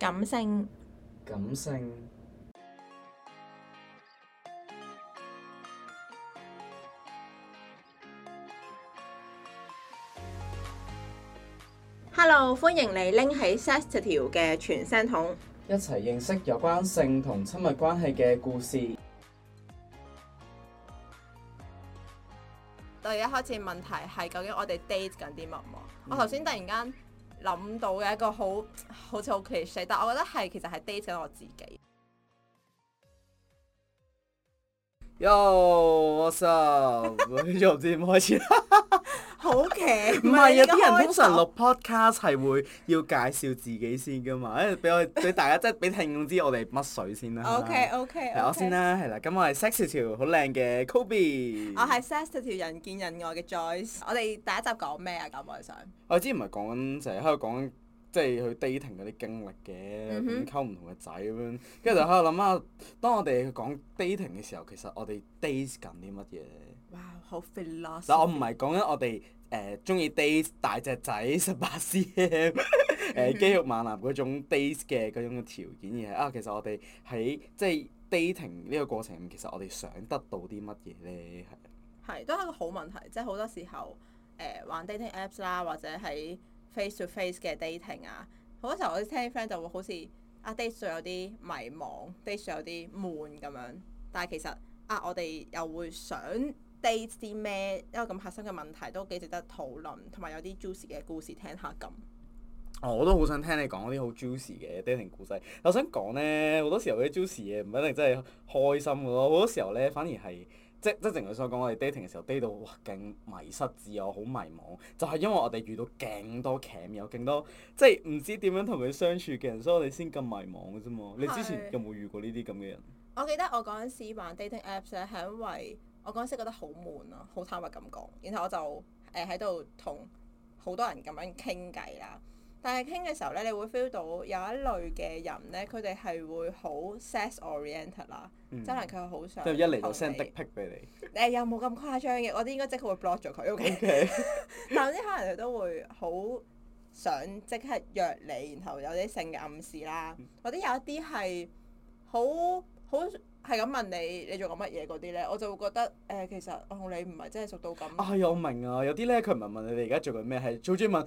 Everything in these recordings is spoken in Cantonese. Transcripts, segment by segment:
感性。感性。Hello，歡迎你拎起 Sextitude 嘅傳聲筒，一齊認識有關性同親密關係嘅故事。到而家開始問題係究竟我哋 date 緊啲乜？嗯、我頭先突然間。諗到嘅一個好好似好 creative，但係我覺得係其實係 date 咗我自己。y 我 w h a t s, s u 點 開始？ 好奇。唔係啊，啲人通常錄 podcast 係會要介紹自己先噶嘛，誒、哎、俾我俾 大家即係俾聽眾知我哋乜水先啦。O K，O K。係我先啦，係啦。咁我係 sexy 條好靚嘅 Kobe。我係 sexy 條人見人愛嘅 Joyce。我哋第一集講咩啊？咁我想。我之前唔係講成日喺度講。即係去 dating 嗰啲經歷嘅，溝唔、mm hmm. 同嘅仔咁樣，跟住就喺度諗啊！當我哋去講 dating 嘅時候，其實我哋 dates 緊啲乜嘢？哇、wow！好 philosophical 我唔係講緊我哋誒中意 dates 大隻仔十八 cm 誒肌肉猛男嗰種 dates 嘅嗰種嘅條件，而係啊，其實我哋喺即係 dating 呢個過程其實我哋想得到啲乜嘢咧？係都係一個好問題，即係好多時候誒、呃、玩 dating apps 啦，或者喺，face to face 嘅 dating 啊，好多時候我聽啲 friend 就會好似啊 date 上有啲迷茫，date 上有啲悶咁樣。但係其實啊，我哋又會想 date 啲咩？因為咁核心嘅問題都幾值得討論，同埋有啲 juicy 嘅故事聽下咁。哦，我都好想聽你講嗰啲好 juicy 嘅 dating 故事。我想講咧，好多時候啲 juicy 嘢唔一定真係開心嘅咯，好多時候咧反而係。即即正如佢所講，我哋 dating 嘅時候 dating 到哇，勁迷失自我，好迷茫。就係因為我哋遇到勁多邪面，有勁多即係唔知點樣同佢相處嘅人，所以我哋先咁迷茫嘅啫嘛。你之前有冇遇過呢啲咁嘅人？我記得我嗰陣時玩 dating apps 咧，係因為我嗰陣時覺得好悶啊，好坦白咁講，然後我就誒喺度同好多人咁樣傾偈啦。但係傾嘅時候咧，你會 feel 到有一類嘅人咧，佢哋係會好 sex orientated 啦，嗯、真係佢好想，即係一嚟就 send 的 pics 俾你。誒、嗯欸、又冇咁誇張嘅，我哋應該即刻會 block 咗佢。 o okay . K，但有啲可能佢都會好想即刻約你，然後有啲性嘅暗示啦，或者、嗯、有一啲係好好係咁問你，你做緊乜嘢嗰啲咧，我就會覺得誒、呃、其實我同你唔係真係熟到咁。啊有我明啊，有啲咧佢唔係問你哋而家做緊咩，係早中意問。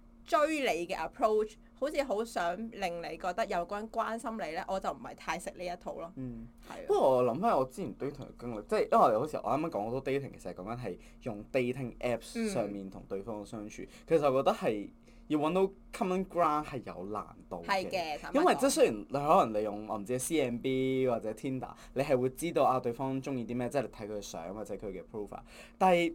追你嘅 approach，好似好想令你覺得有個人關心你呢，我就唔係太食呢一套咯。嗯，係的。不過我諗翻我之前啲同經歷，即係因為好似我啱啱講好多 dating 其實係講緊係用 dating apps 上面同對方相處，嗯、其實我覺得係要揾到 common ground 係有難度嘅。係嘅，因為即係雖然你可能利用我唔知 CMB 或者 Tinder，你係會知道啊對方中意啲咩，即係睇佢嘅相或者佢嘅 profile，但係。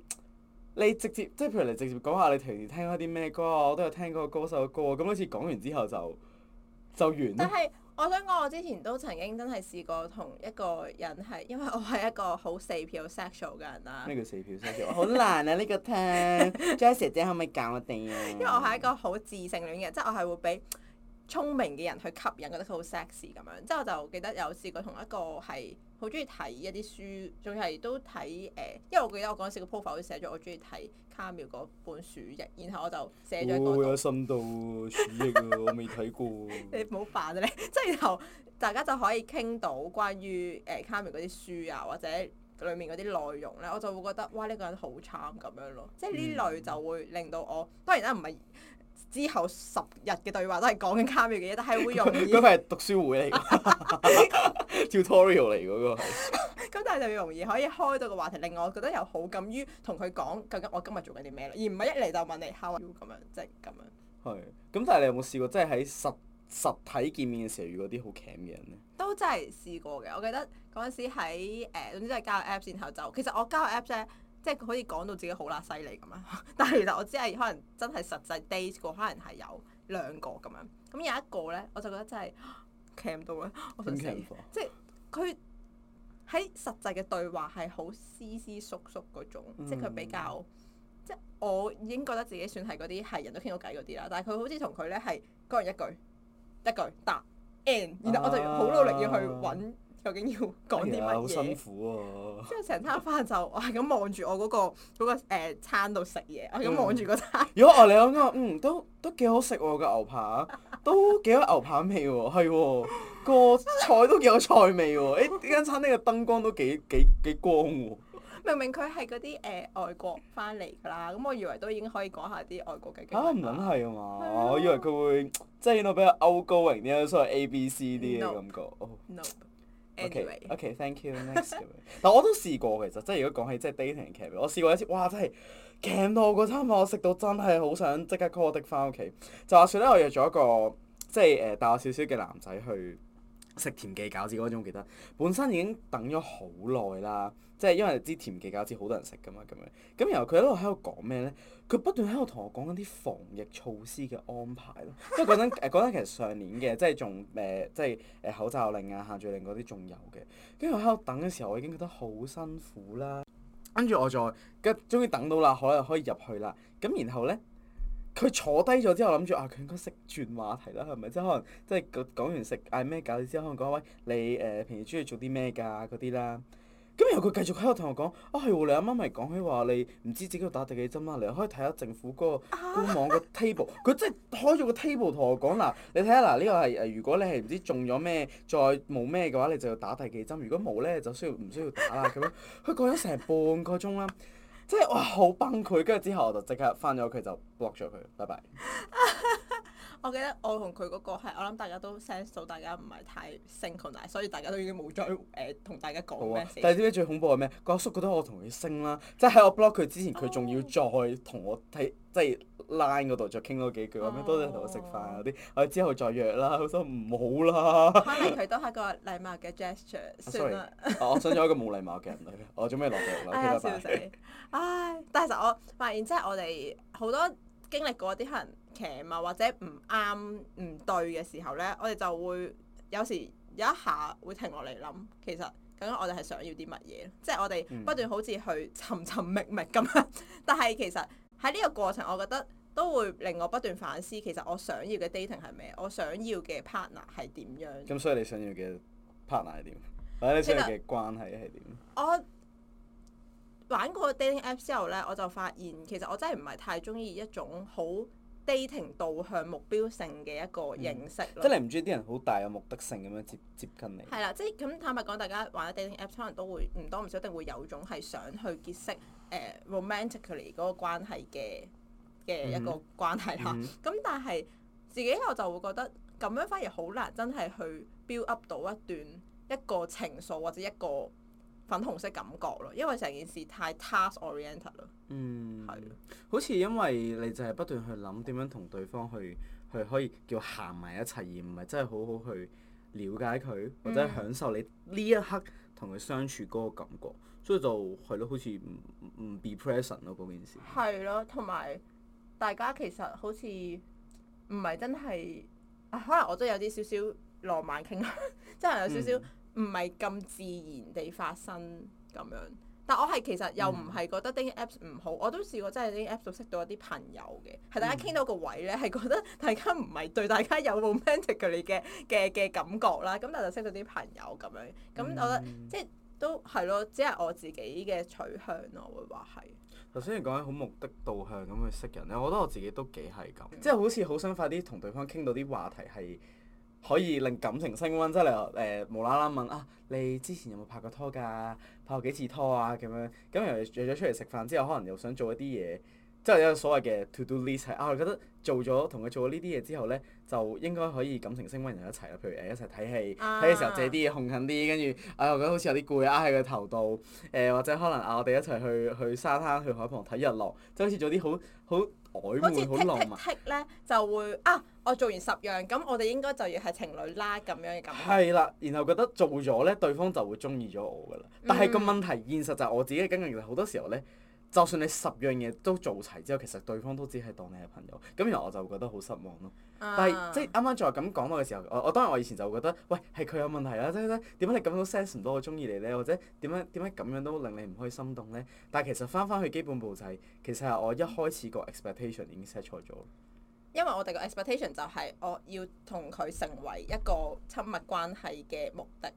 你直接即係譬如你直接講下你平時聽開啲咩歌啊，我都有聽嗰歌手歌咁，好似講完之後就就完。但係我想講，我之前都曾經真係試過同一個人係，因為我係一個好 sapiosexual 嘅人啦、啊。咩叫 sapiosexual？好難啊！呢、呢個聽 Jessica 姐，姐可唔可以教我哋啊？因為我係一個好智性戀嘅，即係我係會俾。聰明嘅人去吸引，覺得佢好 sexy 咁樣，之後我就記得有試過同一個係好中意睇一啲書，仲係都睇誒、呃，因為我記得我嗰陣時個 profile 寫咗我中意睇卡繆嗰本鼠疫，然後我就寫咗好多。好、哦、有深度喎，鼠疫啊， 我未睇過。 你唔好扮你。即 係然後大家就可以傾到關於誒、呃、卡繆嗰啲書啊，或者裡面嗰啲內容咧，我就會覺得哇呢、這個人好慘咁樣咯，即係呢類就會令到我當然啦，唔係。之後十日嘅對話都係講緊卡 a 嘅嘢，但係會容易。嗰份係讀書會嚟嘅 ，tutorial 嚟嗰個。咁 但係就容易可以開到個話題，令我覺得又好敢於同佢講究竟我今日做緊啲咩咯，而唔係一嚟就問你 how are you 咁樣，即係咁樣。係。咁但係你有冇試過即係喺實實體見面嘅時候遇嗰啲好 cam 嘅人咧？都真係試過嘅。我記得嗰陣時喺誒、呃，總之即係加個 app 然後就其實我交個 app 啫。即係可以講到自己好喇犀利咁樣！但係其實我只係可能真係實際 date 過，可能係有兩個咁樣。咁有一個咧，我就覺得真係企唔到啦！我想死，即係佢喺實際嘅對話係好斯斯縮縮嗰種，即係佢比較、嗯、即係我已經覺得自己算係嗰啲係人都傾到偈嗰啲啦。但係佢好似同佢咧係講完一句一句答 a n d 然後我就好努力要去揾。啊究竟要講啲乜嘢？好辛苦喎、啊！之後成餐飯就我係咁望住我嗰個嗰餐度食嘢，我咁望住個餐。如果我你諗，嗯，都都幾好食喎、啊！個牛扒， 都幾有牛扒味喎、啊，係喎。 個菜都幾有菜味喎、啊。呢、欸、間餐廳嘅燈光都幾幾幾光喎、啊。明明佢係嗰啲誒外國翻嚟㗎啦，咁我以為都已經可以講下啲外國嘅。嚇唔撚係啊嘛！ 啊我以為佢會即係喺度比較 outgoing 啲所謂 A、B、C 啲嘅感覺。O.K.，O.K.，Thank you，next 咁樣。但我都試過其實，即係如果講起即係 dating 劇，我試過一次，哇！真係勁到嗰餐飯我食到真係好想即刻 call 的返屋企。就話説咧，我約咗一個即係誒大我少少嘅男仔去食甜記餃子嗰種，記得本身已經等咗好耐啦。即係因為知甜記餃子好多人食噶嘛，咁樣，咁然後佢喺度喺度講咩呢？佢不斷喺度同我講緊啲防疫措施嘅安排咯。因為嗰陣嗰、 呃、陣其實上年嘅，即係仲誒即係、呃、口罩令啊、限聚令嗰啲仲有嘅。跟住我喺度等嘅時候，我已經覺得好辛苦啦。跟住我再跟終於等到啦，可能可以入去啦。咁然後呢，佢坐低咗之後，諗住啊，佢應該識轉話題啦，係咪？即係可能即係講完食嗌咩餃子之後，可能講喂，你誒、呃、平時鍾意做啲咩㗎嗰啲啦。咁然後佢繼續喺度同我講，啊、哦、係你阿媽咪講起話你唔知自己要打第幾針啦，你可以睇下政府嗰個官網嘅 table，佢即係開咗個 table 同我講嗱，你睇下嗱呢個係誒如果你係唔知中咗咩，再冇咩嘅話，你就要打第幾針，如果冇呢，就需要唔需要打啦咁樣，佢講咗成半個鐘啦，即係哇好崩潰，跟住之後我就即刻翻咗屋企，就 block 咗佢拜拜。 我記得我同佢嗰個係，我諗大家都 sense 到，大家唔係太 sync，所以大家都已經冇再誒同、呃、大家講、啊、但係啲咩最恐怖係咩？個阿叔，叔覺得我同佢 sync 啦，即係喺我 block 佢之前，佢仲、oh. 要再同我睇，即係 line 嗰度再傾多幾句，話咩多謝同我食飯嗰啲，我哋、啊、之後再約啦。佢都唔好啦。可能佢都係個禮貌嘅 gesture、啊。算啦了、啊。我想做一個冇禮貌嘅人、 啊、我做咩落嚟啦？係笑死。 唉、啊，但係其實我發現即係我哋好多。經歷過啲可能騎嘛、啊，或者唔啱唔對嘅時候呢，我哋就會有時有一下會停落嚟諗，其實究竟我哋係想要啲乜嘢？即係我哋不斷好似去尋尋覓覓咁。但係其實喺呢個過程，我覺得都會令我不斷反思，其實我想要嘅 dating 係咩？我想要嘅 partner 係點樣？咁、嗯、所以你想要嘅 partner 係點？或者你想要嘅關係係點？我。玩過 dating app 之後呢，我就發現其實我真係唔係太中意一種好 dating 導向目標性嘅一個認識咯、嗯。即係你唔中意啲人好大嘅目的性咁樣接接近你。係啦，即係咁坦白講，大家玩 dating app 可能都會唔多唔少一定會有種係想去結識、呃、romantically 嗰個關係嘅嘅一個關係啦。咁、嗯嗯、但係自己我就會覺得咁樣反而好難真係去 build up 到一段一個情愫或者一個。粉紅色感覺咯，因為成件事太 task oriented 咯。嗯，係對。好似因為你就係不斷去諗點樣同對方去去可以叫行埋一齊，而唔係真係好好去了解佢，或者享受你呢一刻同佢相處嗰個感覺。嗯、所以就係咯，好似唔唔 be present 咯嗰件事。係咯、啊，同埋大家其實好似唔係真係，可能我真係有啲少少浪漫傾，即係 有少少。唔係咁自然地發生咁樣，但我係其實又唔係覺得啲 apps 唔好，嗯、我都試過真係啲 apps 度識到一啲朋友嘅，係、嗯、大家傾到個位呢，係覺得大家唔係對大家有 romantic 嘅嘅嘅感覺啦，咁但係就識到啲朋友咁樣，咁我覺得、嗯、即係都係咯，只係我自己嘅取向咯，我會話係。頭先你講緊好目的導向咁去識人呢，我覺得我自己都幾係咁，即係好似好想快啲同對方傾到啲話題係。可以令感情升溫，即係你誒無啦啦問啊，你之前有冇拍過拖㗎？拍過幾次拖啊？咁樣，咁然後約咗出嚟食飯之後，可能又想做一啲嘢。即係有所謂嘅 to do list 係啊，我覺得做咗同佢做咗呢啲嘢之後呢，就應該可以感情升溫就一齊啦。譬如一齊睇戲，睇嘅、啊、時候借啲嘢哄緊啲，跟住啊我覺得好似有啲攰，壓喺佢頭度。誒、啊、或者可能啊，我哋一齊去去沙灘去海旁睇日落，即係好似做啲好好曖昧，好浪漫。tick 呢就會啊，我做完十樣咁，我哋應該就要係情侶啦咁樣嘅感覺。係啦，然後覺得做咗呢，對方就會中意咗我㗎啦。但係個問題現實就係我自己嘅經歷，其實好多時候呢，嗯就算你十樣嘢都做齊之後，其實對方都只係當你係朋友，咁然後我就覺得好失望咯。啊、但係即係啱啱再咁講到嘅時候，我我當然我以前就會覺得，喂係佢有問題啦，即係點解你咁都 sense 唔到我中意你咧，或者點樣點樣咁樣都令你唔開心動咧？但係其實翻翻去基本步仔、就係，其實係我一開始個 expectation 已經 set 錯咗。因為我哋個 expectation 就係我要同佢成為一個親密關係嘅目的。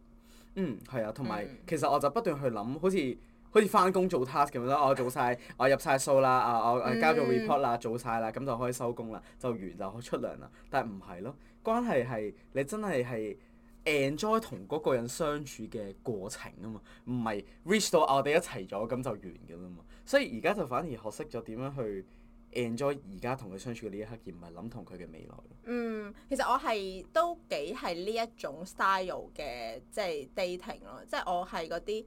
嗯，係啊，同埋、嗯、其實我就不斷去諗，好似。好似翻工做 task 咁樣啦，我做晒，我入晒數啦，啊我、啊啊、 交咗 report 啦，做晒啦，咁就可以收工啦，就完就可以出糧啦。但唔係咯，關係係你真係係 enjoy 同嗰個人相處嘅過程啊嘛，唔係 reach 到、啊、我哋一齊咗咁就完噶啦嘛。所以而家就反而學識咗點樣去 enjoy 而家同佢相處嘅呢一刻，而唔係諗同佢嘅未來。嗯，其實我係都幾係呢一種 style 嘅，即係 dating 咯，即係我係嗰啲。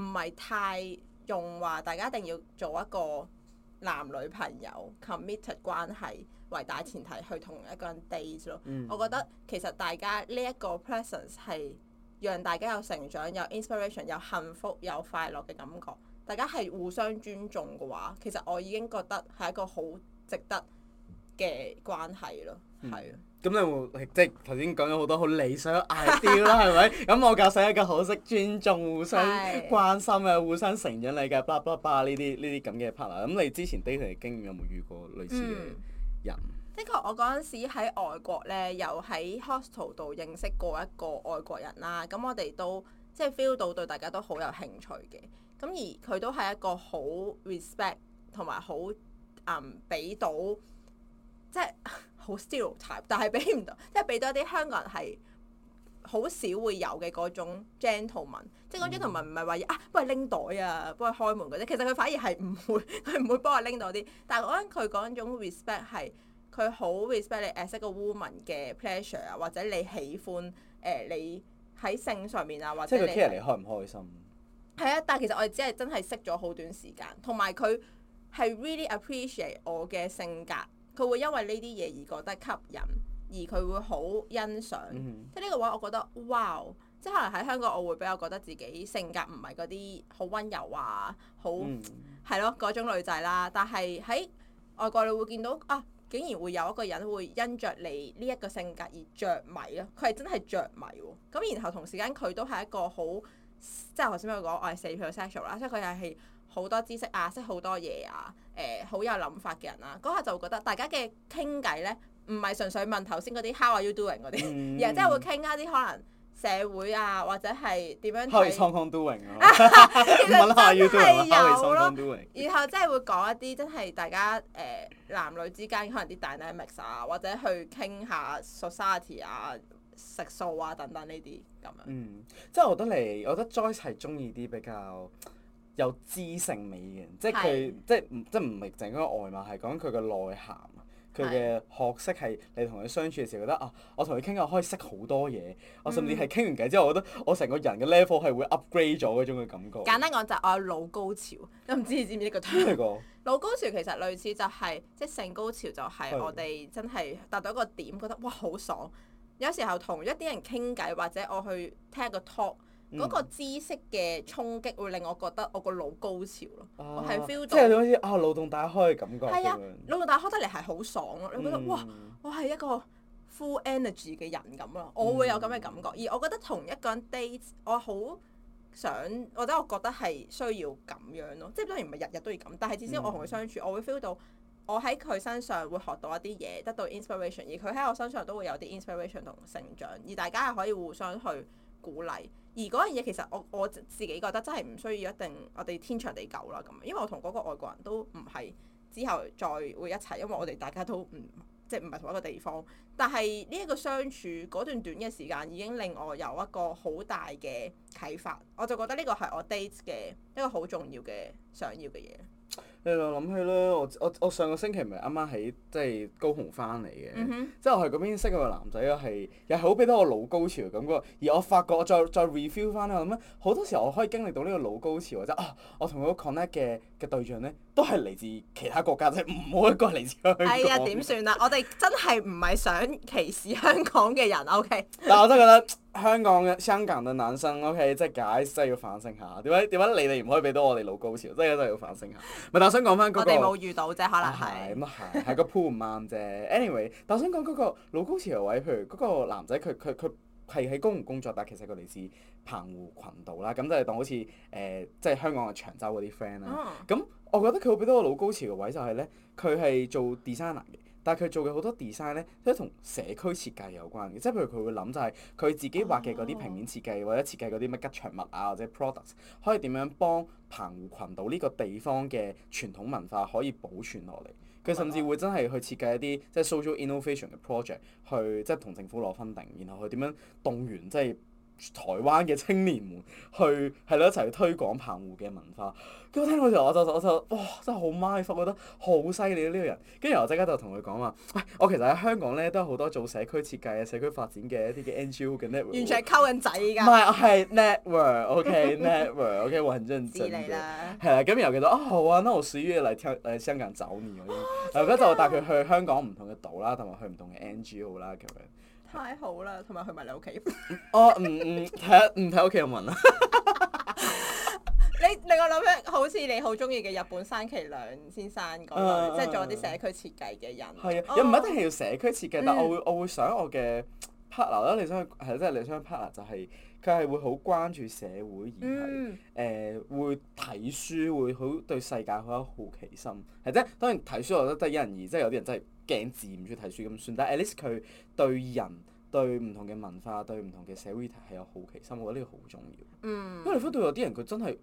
唔係太用話，大家一定要做一個男女朋友 committed 關係為大前提去同一個人 date 咯。Mm. 我覺得其實大家呢一個 presence 係讓大家有成長、有 inspiration、有幸福、有快樂嘅感覺。大家係互相尊重嘅話，其實我已經覺得係一個好值得嘅關係咯。係啊，咁、嗯、你會即係頭先講咗好多好理想 ideal, ideal 啦，係咪？咁我教識一個好識尊重、互相關心嘅、 的互相承人你嘅，blah blah blah 呢啲呢啲咁嘅 partner。咁、ah, ah, ah, ah, part 你之前 dating 經驗有冇遇過類似嘅人？的、嗯、確，我嗰陣時喺外國咧，又喺 hostel 度認識過一個外國人啦。咁我哋都即係 feel 到對大家都好有興趣嘅。咁而佢都係一個好 respect 同埋好嗯俾到，即係。 好 stereotype，但係俾唔到，即係俾到啲香港人係好少會有嘅嗰種 gentleman，即係 gentleman 唔係話啊幫佢拎袋啊，幫佢開門嗰啲，其實佢反而係唔會，佢唔會幫我拎到啲。但係我覺得佢嗰種 respect 係佢好 respect 你 as a 個 woman 嘅 pleasure 啊，或者你喜歡誒、呃、你喺性上面啊，或者佢 care 你開唔開心？係啊，但係其實我哋只係真係識咗好短時間，同埋佢係 really appreciate 我嘅性格。佢會因為呢啲嘢而覺得吸引，而佢會好欣賞。即係呢個話，我覺得哇！即係可能喺香港，我會比較覺得自己性格唔係嗰啲好温柔啊，好係咯嗰種女仔啦。但係喺外國，你會見到啊，竟然會有一個人會因着你呢一個性格而着迷咯。佢係真係着迷喎。咁然後同時間佢都係一個好，即係頭先咪講我係 sexual sexual 啦，即係佢係係。好多知識啊，識好多嘢啊，誒、呃、好有諗法嘅人啊。嗰下就會覺得大家嘅傾偈咧，唔係純粹問頭先嗰啲 How are you doing 嗰啲，嗯、而係真係會傾一啲可能社會啊，或者係點樣？How are you doing？ 有問下 you doing？You doing？然後真係會講一啲真係大家誒、呃、男女之間可能啲 dynamics 啊，或者去傾下 society 啊、食素啊等等呢啲咁樣。嗯，即係我覺得你，我覺得 Joyce 係中意啲比較。有知性美嘅，即係佢是，即係即係唔係淨係講外貌，係講佢嘅內涵，佢嘅學識係你同佢相處嘅時候覺得是啊，我同佢傾下可以識好多嘢，嗯、我甚至係傾完偈之後，我覺得我成個人嘅 level 係會 upgrade 咗嗰種嘅感覺。簡單講就我有腦高潮，都唔知你知唔知個麼？聽過。腦高潮其實類似就係即係性高潮就的，就係我哋真係達到一個點，覺得哇好爽。有時候同一啲人傾偈，或者我去聽一個 talk，嗰、嗯、個知識嘅衝擊會令我覺得我個腦高潮咯，啊、我係 feel 到，即係好似啊，腦洞大開嘅感覺。係啊，腦洞大開得嚟係好爽咯，嗯、你會覺得哇，我係一個 full energy 嘅人咁咯，我會有咁嘅感覺。嗯、而我覺得同一個人 date，我好想，我好想或者我覺得係需要咁樣咯，即係當然唔係日日都要咁，但係至少我同佢相處，嗯、我會 feel 到我喺佢身上會學到一啲嘢，得到 inspiration，而佢喺我身上都會有啲 inspiration 同成長，而大家係可以互相互去鼓勵。而嗰樣嘢其實我我自己覺得真係唔需要一定我哋天長地久啦咁，因為我同嗰個外國人都唔係之後再會一齊，因為我哋大家都唔即係唔係同一個地方。但係呢一個相處嗰段短嘅時間已經令我有一個好大嘅啟發，我就覺得呢個係我 date 嘅一個好重要嘅想要嘅嘢。你又諗起啦，我我我上個星期咪啱啱喺即係高雄翻嚟嘅，嗯、哼即係我喺嗰邊識個男仔咯，係又係好俾到我老高潮咁喎。而我發覺我再再 review 翻啦，我諗好多時候我可以經歷到呢個老高潮，就係、啊，我同佢 connect 嘅。嘅對象咧，都係嚟自其他國家啫，冇一個嚟自香港，哎呀！係啊，點算啊？我哋真係唔係想歧視香港嘅人，OK？但我真係覺得香港嘅香港嘅男生，OK，即係解真係要反省下。點解點解你哋唔可以俾到我哋老高潮？即係真係要反省下。咪 但我想講翻嗰個我哋冇遇到啫，可能係。咁啊係，係、 嗰個鋪唔啱啫。anyway，但我想講嗰個老高潮嘅位，譬如嗰個男仔，佢佢佢。係喺工唔工作，但其實佢嚟自澎湖群島啦，咁就係當好似誒，即、呃、係、就係、香港嘅長洲嗰啲 friend 啦。咁、啊、我覺得佢會俾到我老高潮嘅位就係、係、咧，佢係做 designer 嘅，但係佢做嘅好多 design 咧都同社區設計有關嘅，即係譬如佢會諗就係佢自己畫嘅嗰啲平面設計，啊、或者設計嗰啲乜吉祥物啊，或者 products 可以點樣幫澎湖群島呢個地方嘅傳統文化可以保存落嚟。佢甚至會真係去設計一啲即係 social innovation 嘅 project，去即係同政府攞 funding，然後去點樣動員即係，就是台灣嘅青年們去係咯，一齊去推廣澎湖嘅文化，跟住我聽到嗰時候我就我就，我就哇真係好 my 我覺得好犀利呢個人，跟住我即刻就同佢講話，喂、哎、我其實喺香港咧都有好多做社區設計啊社區發展嘅一啲嘅 NGO 嘅 network，完全係溝緊仔㗎，唔係係 network OK network OK 我很認真，係啦， 咁然後記得啊好啊，那我十一月嚟聽嚟香港搵你咁樣。哦、後屘就我帶佢去香港唔同嘅島啦，同埋去唔同嘅 NGO 啦咁樣。太好啦，同埋去埋你屋企。哦、 oh, mm,，唔唔睇唔睇屋企有問啊？你你我諗起好似你好中意嘅日本山崎亮先生嗰類，uh uh uh uh uh. 即係做啲社區設計嘅人。係啊，又唔一定係要社區設計，但我會我會想我嘅 partner 啦、mm.，你想係啦、就是，即係你想 partner 就係佢係會好關注社會，而係誒、呃、會睇書，會好對世界好有好奇心。係啫，當然睇書我覺得都係因人而異，即、就、係、是、有啲人真係。鏡字唔鍾意睇書咁算，但係 at least 佢對人對唔同嘅文化對唔同嘅社會係有好奇心，我覺得呢個好重要。嗯，因你反對有啲人佢真係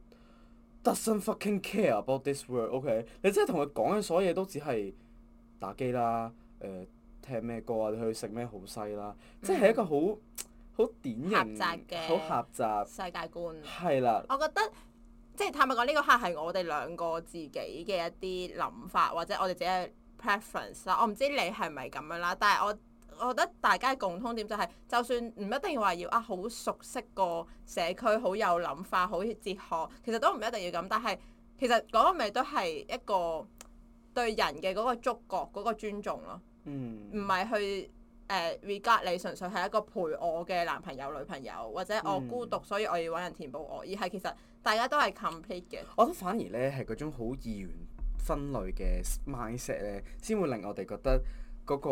doesn't fucking care about this world，OK？、Okay? 你真係同佢講嘅所有嘢都只係打機啦，誒、呃、聽咩歌啊，去食咩好西啦，嗯、即係一個好好典型、嘅好狹，窄狹窄、世界觀。係啦。我覺得即係坦白講，呢、這個係我哋兩個自己嘅一啲諗法，或者我哋自己。Preference 啦，Pre ference，我唔知你係咪係咁樣啦，但係我覺得大家共通點就係、是，就算唔一定話要啊好熟悉個社區，好有諗法，好哲學，其實都唔一定要咁。但係其實嗰個咪都係一個對人嘅嗰個觸覺嗰、那個尊重咯。唔係、嗯、去誒、uh, regard 你，純粹係一個陪我嘅男朋友、女朋友，或者我孤獨，嗯、所以我要揾人填補我，而係其實大家都係 complete 嘅。我覺得反而呢係嗰種好意願。分類嘅 mindset 咧，先會令我哋覺得嗰個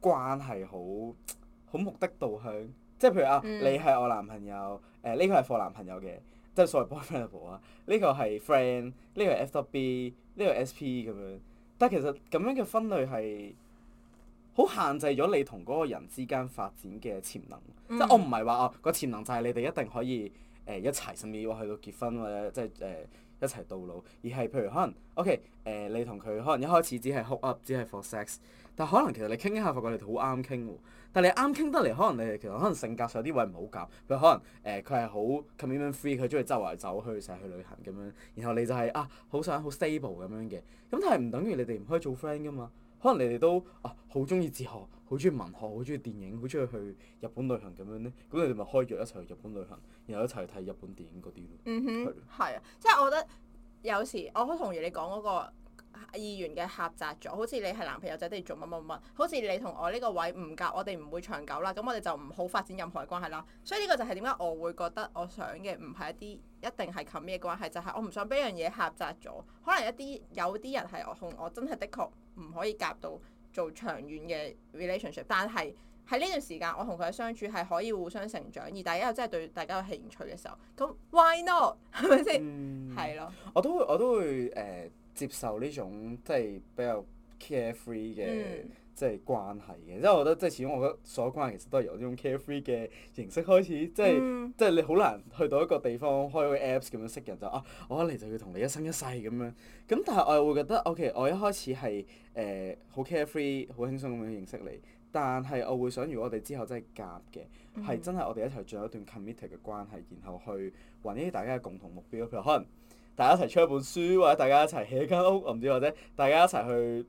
關係好好目的導向，即係譬如啊，嗯、你係我男朋友，誒、呃、呢、這個係貨男朋友嘅，即係所謂 boyfriendable 啊，呢個係 friend，呢個係 FWB，呢個係 SP 咁樣，但係其實咁樣嘅分類係好限制咗你同嗰個人之間發展嘅潛能，嗯、即係我唔係話哦個潛能就係你哋一定可以誒、呃、一齊，甚至話去到結婚或者即係誒。呃一齊到老，而係譬如可能，OK，誒、呃、你同佢可能一開始只係 hook up，只係 for sex，但可能其實你傾一下發覺你哋好啱傾喎，但你啱傾得嚟，可能你哋其實可能性格上有啲位唔好夾，佢可能誒，佢係好 commitment free，佢中意周圍走去，去成日去旅行咁樣，然後你就係、是、啊好想好 stable 咁樣嘅，咁但係唔等於你哋唔可以做 friend 噶嘛？可能你哋都啊好中意哲學。好中意文學，好中意電影，好中意去日本旅行咁樣呢，咁你哋咪開約一齊去日本旅行，然後一齊去睇日本電影嗰啲咯。嗯哼，係啊是，即係我覺得有時我好同意你講嗰個意願嘅狹窄咗。好似你係男朋友仔，你做乜乜乜？好似你同我呢個位唔夾，我哋唔會長久啦。咁我哋就唔好發展任何嘅關係啦。所以呢個就係點解我會覺得我想嘅唔係一啲一定係求咩嘅關係，就係、是、我唔想俾一樣嘢狹窄咗。可能一啲有啲人係我同我的真係的，的確唔可以夾到。做長遠嘅 relationship，但係喺呢段時間，我同佢嘅相處係可以互相成長，而大家又真係對大家有興趣嘅時候，咁 why not？係咪先？係咯、嗯了，我都會我都會誒接受呢種即係比較 carefree 嘅，嗯即係關係嘅，因為我覺得即係始終我覺得所有關係其實都係由呢種 carefree 嘅形式開始，即係、嗯、即係你好難去到一個地方開個 apps 咁樣識人就啊，我一嚟就要同你一生一世咁樣。咁、嗯嗯、但係我又會覺得，O.K. 我一開始係誒好、呃、carefree，好輕鬆咁樣認識你，但係我會想，如果我哋之後真係夾嘅，係真係我哋一齊做一段 committed 嘅關係，然後去揾啲大家嘅共同目標，譬如可能大家一齊出一本書，或者大家一齊起一間屋，唔、啊、知或者大家一齊去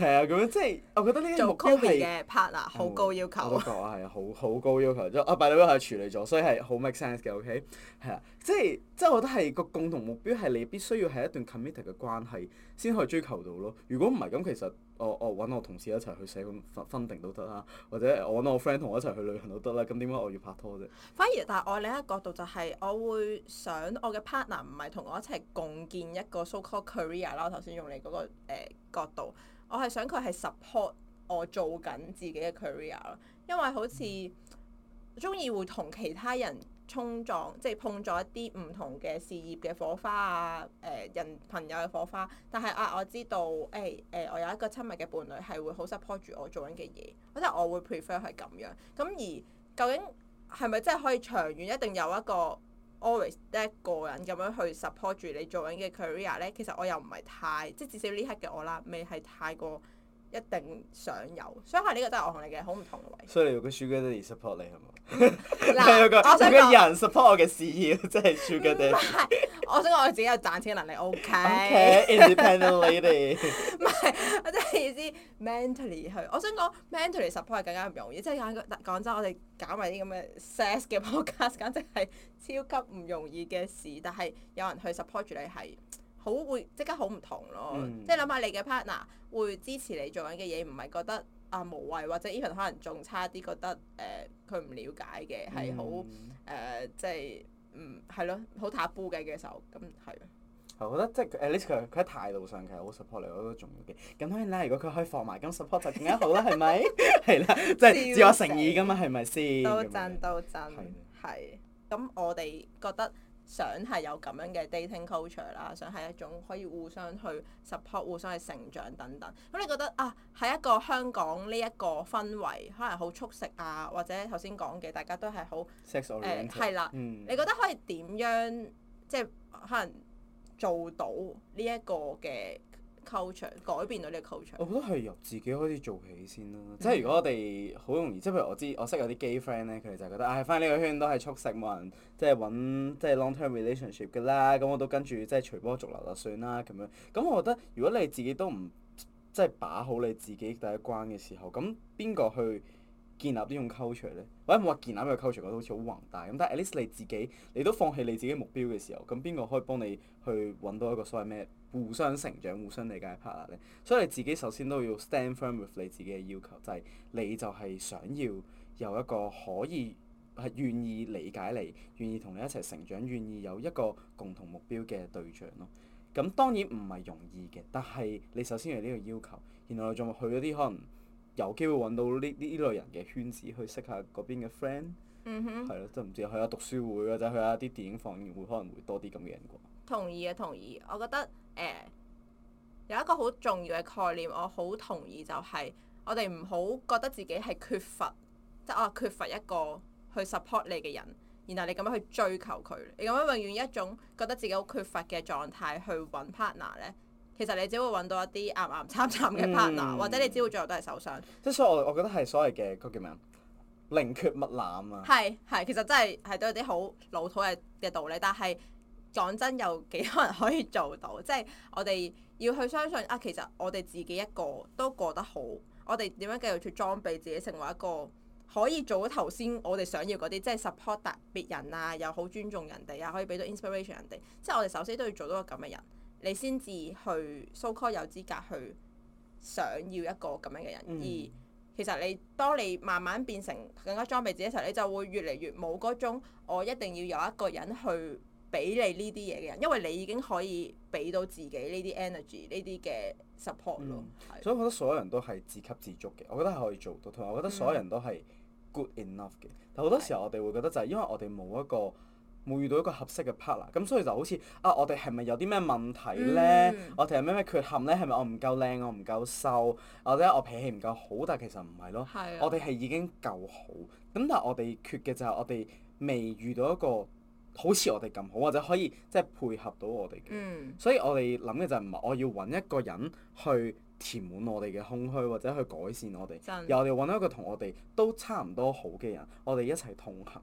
係啊，咁樣即係我覺得呢啲做 Colby 嘅 partner，好高要求。我都覺啊，係好好高要求。咁啊，拜你幫我處理咗，所以係好 make sense 嘅。OK，係、嗯、啊，即係即係，我覺得係個共同目標係你必須要係一段 commitment 嘅關係先可以追求到咯。如果唔係咁，其實我我揾我同事一齊去寫咁分定都得啦、啊，或者我揾我 friend 同我一齊去旅行都得啦、啊。咁點解我要拍拖啫？反而，但係我另一個角度就係我會想我嘅 partner 唔係同我一齊共建一個 so called career 啦。頭先、er，用你嗰、那個、呃、角度。我係想佢係 support 我做緊自己嘅 career 囉，因為好似鍾意會同其他人衝撞，即係碰咗一啲唔同嘅事業嘅火花啊，誒、呃、人朋友嘅火花，但係啊我知道誒誒、哎呃、我有一個親密嘅伴侶係會好 support 住我做緊嘅嘢，我覺得我會 prefer 係咁樣。咁而究竟係咪真係可以長遠一定有一個？always 一個人咁樣去 support 住你做緊嘅 career 咧，其實我又唔係太，即係至少呢刻嘅我啦，未係太過。一定想有，所以係呢個都係我同你嘅好唔同嘅位。所以你如果 Sugar Daddy support 你係嘛？嗱，我個我個人 support 我嘅事業，真係 Sugar Daddy。唔係，我想講我自己有賺錢嘅能力 OK。OK，Independent Lady。唔係，我即係意思 mentally 去。Mentally，我想講 mentally support 係更加唔容易。即係講真，我哋搞埋啲咁嘅 sex 嘅 podcast，簡直係超級唔容易嘅事。但係有人去 support 住你係。好會即刻好唔同咯，即係諗下你嘅 partner 會支持你做緊嘅嘢，唔係覺得啊，無謂，或者 even 可能仲差啲覺得誒佢唔了解嘅，係好誒即係唔，係咯好 taboo 嘅嘅時候，咁係。係我覺得即係 Elijah 佢喺態度上其實好 support 你，我都仲要嘅。咁當然啦，如果佢可以放埋咁 support 就更加好啦，係咪？係啦，即係自我誠意㗎嘛，係咪先？都真都真係。咁我哋覺得。想係有咁樣嘅 dating culture 啦，想係一種可以互相去 support、互相去成長等等。咁你覺得啊，喺一個香港呢一個氛圍，可能好速食啊，或者頭先講嘅大家都係好誒，係 Sex oriented、呃、係啦，嗯、你覺得可以點樣即係可能做到呢一個嘅？culture 改變到你 culture，我覺得係由自己開始做起先咯。嗯、即係如果我哋好容易，即係譬如我知我識有啲基 friend 咧，佢哋就覺得唉，返、啊、呢個圈都係速食，冇人即係揾即係 long-term relationship 嘅啦。咁我都跟住即係隨波逐流就算啦咁樣。咁我覺得如果你自己都唔即係把好你自己第一關嘅時候，咁邊個去建立呢種 culture 咧，或者冇話建立個 culture，覺得好似好宏大咁，但係 at least 你自己，你都放棄你自己目標嘅時候，咁邊個可以幫你去揾到一個所謂咩互相成長、互相理解嘅 partner 咧？所以你自己首先都要 stand firm with 你自己嘅要求，就係、是、你就係想要有一個可以係願意理解你、願意同你一齊成長，願意有一個共同目標嘅對象咯。咁當然唔係容易嘅，但係你首先嚟呢個要求，然後仲去咗啲可能。有機會揾到呢呢類人嘅圈子去識下嗰邊嘅 friend，係咯、嗯哼，真係唔知去下讀書會或者去下啲電影放映會可能會多啲咁嘅人啩。同意啊，同意。我覺得誒、欸、有一個好重要嘅概念，我好同意就係、是、我哋唔好覺得自己係缺乏，即係我話缺乏一個去 support 你嘅人，然後你咁樣去追求佢，你咁樣永遠一種覺得自己好缺乏嘅狀態去揾 partner 呢。其實你只會揾到一啲啱啱參參嘅 partner，或者你只會最後都係受傷。即係、嗯、所以我我覺得係所謂嘅嗰叫咩啊？寧缺勿濫啊！係係，其實真係係都有啲好老土嘅嘅道理，但係講真，有幾多人可以做到？即係我哋要去相信啊，其實我哋自己一個都過得好，我哋點樣繼續去裝備自己，成為一個可以做到頭先我哋想要嗰啲，即係 support 達別人啊，又好尊重人哋啊，又可以俾到 inspiration 人哋，即係我哋首先都要做到一個咁嘅人。你先至去 so called 有資格去想要一個咁樣嘅人，嗯、而其實你當你慢慢變成更加裝備自己嘅時候，你就會越嚟越冇嗰種我一定要有一個人去俾你呢啲嘢嘅人，因為你已經可以俾到自己呢啲 energy 呢啲嘅 support 咯。嗯、是所以我覺得所有人都係自給自足嘅，我覺得係可以做到，同埋我覺得所有人都係 good enough 嘅，嗯、但好多時候我哋會覺得就係因為我哋冇一個。冇遇到一個合適嘅 partner，咁所以就好似啊，我哋係咪有啲咩問題呢？嗯、我哋有咩咩缺陷呢？係咪我唔夠靚，我唔夠瘦，或者我脾氣唔夠好？但係其實唔係咯，啊、我哋係已經夠好。咁但係我哋缺嘅就係我哋未遇到一個好似我哋咁好，或者可以即係、就是、配合到我哋嘅。嗯、所以我哋諗嘅就唔係我要揾一個人去填滿我哋嘅空虛，或者去改善我哋。又的我哋揾一個同我哋都差唔多好嘅人，我哋一齊同行。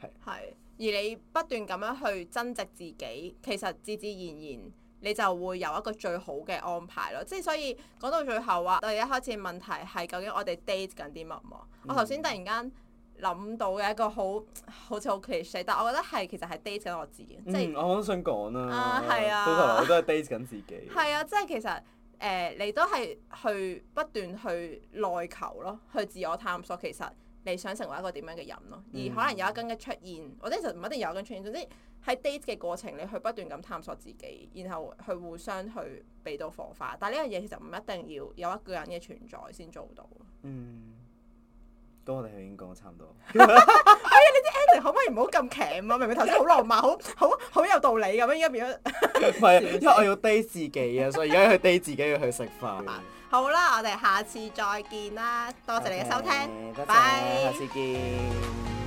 係。係。而你不斷咁樣去增值自己，其實自自然然你就會有一個最好嘅安排咯。即係所以講到最後話、啊，我哋一開始問題係究竟我哋 date 緊啲乜麼？嗯、我頭先突然間諗到嘅一個好好似好 cliché，但我覺得係其實係 date 緊我自己。即嗯，我好想講啦。啊，係啊，啊到頭來我都係 date 緊自己。係 啊，即係其實誒、呃，你都係去不斷去內求咯，去自我探索其實。你想成為一個點樣嘅人咯？而可能有一個人嘅出現，或者就唔一定有一個人出現。總之喺 date 嘅過程，你去不斷咁探索自己，然後去互相去俾到火花。但係呢樣嘢其實唔一定要有一個人嘅存在先做到。嗯。我哋係已經講差唔多。係啊、 哎，你啲聽 y 可唔可以唔好咁強啊？明明頭先好浪漫，好好好有道理咁樣，而家變咗。唔係，因為我要 date 自己啊，所以而家要去 date 自己要去食飯好、啊。好啦、啊，我哋下次再見啦，多謝你嘅收聽，拜、okay, thank Bye，下次見。